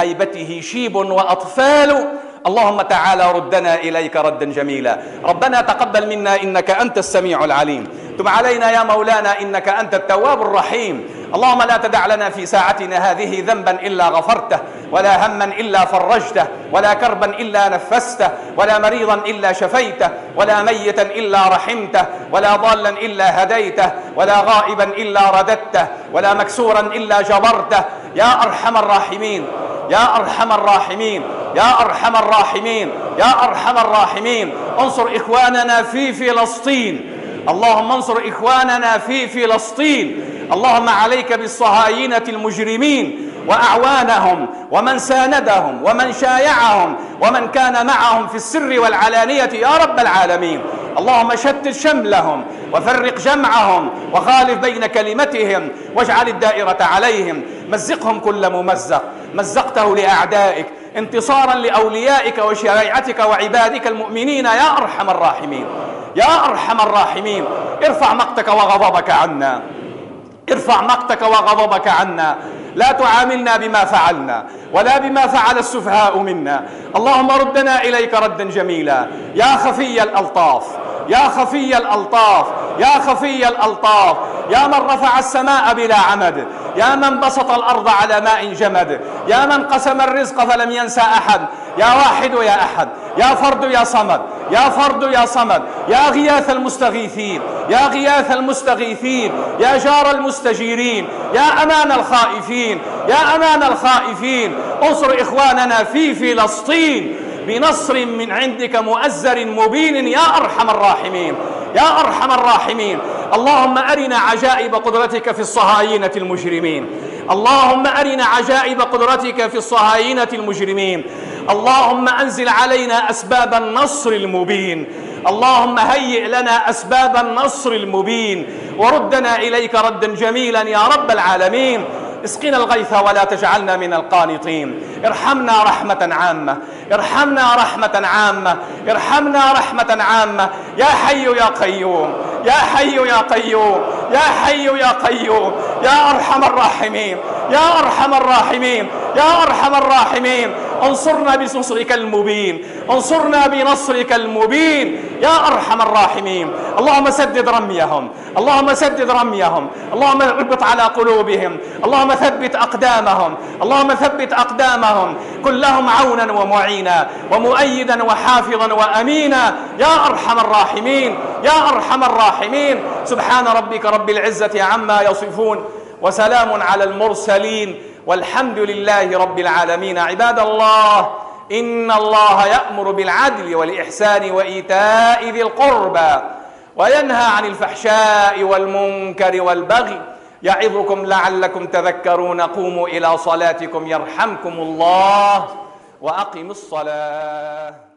هيبته شيب وأطفال اللهم تعالى ردنا إليك ردا جميلا ربنا تقبل منا إنك أنت السميع العليم تب علينا يا مولانا إنك أنت التواب الرحيم اللهم لا تدع لنا في ساعتنا هذه ذنبا الا غفرته ولا هما الا فرجته ولا كربا الا نفسته ولا مريضا الا شفيته ولا ميتا الا رحمته ولا ضالا الا هديته ولا غائبا الا رددته ولا مكسورا الا جبرته يا ارحم الراحمين يا أرحم الراحمين يا أرحم الراحمين يا أرحم الراحمين انصر إخواننا في فلسطين اللهم انصر إخواننا في فلسطين اللهم عليك بالصهاينة المجرمين وأعوانهم ومن ساندهم ومن شايعهم ومن كان معهم في السر والعلانية يا رب العالمين اللهم شتت شملهم وفرق جمعهم وخالف بين كلمتهم واجعل الدائرة عليهم مزقهم كل ممزق مزقته لأعدائك انتصارا لأوليائك وشريعتك وعبادك المؤمنين يا أرحم الراحمين يا أرحم الراحمين ارفع مقتك وغضبك عنا ارفع مقتك وغضبك عنا لا تعاملنا بما فعلنا ولا بما فعل السفهاء منا اللهم ردنا إليك ردا جميلا يا خفي الألطاف يا خفي الألطاف يا خفي الألطاف يا من رفع السماء بلا عمد يا من بسط الأرض على ماء جمد يا من قسم الرزق فلم ينسى أحد يا واحد يا أحد يا فرد يا صمد يا فرد يا صمد يا غياث المستغيثين يا غياث المستغيثين يا جار المستجيرين يا أمان الخائفين يا أمان الخائفين انصر إخواننا في فلسطين بنصر من عندك مؤزر مبين يا أرحم الراحمين يا أرحم الراحمين اللهم أرنا عجائب قدرتك في الصهاينة المجرمين اللهم أرنا عجائب قدرتك في الصهاينة المجرمين اللهم أنزل علينا أسباب النصر المبين اللهم هيئ لنا أسباب النصر المبين وردنا إليك ردا جميلا يا رب العالمين اسقنا الغيث ولا تجعلنا من القانطين ارحمنا رحمة عامة ارحمنا رحمة عامة ارحمنا رحمة عامة يا حي يا قيوم يا حي يا قيوم يا حي يا قيوم يا أرحم الراحمين يا أرحم الراحمين يا أرحم الراحمين انصرنا بنصرك المبين انصرنا بنصرك المبين يا أرحم الراحمين اللهم سدد رميهم اللهم سدد رميهم اللهم اربط على قلوبهم اللهم ثبت أقدامهم اللهم ثبت أقدامهم كن لهم عونا ومعينا ومؤيدا وحافظا وأمينا يا أرحم الراحمين يا أرحم الراحمين سبحان ربك رب العزة عما يصفون وسلام على المرسلين والحمد لله رب العالمين عباد الله إن الله يأمر بالعدل والإحسان وإيتاء ذي القربى وينهى عن الفحشاء والمنكر والبغي يعظكم لعلكم تذكرون قوموا إلى صلاتكم يرحمكم الله وأقم الصلاة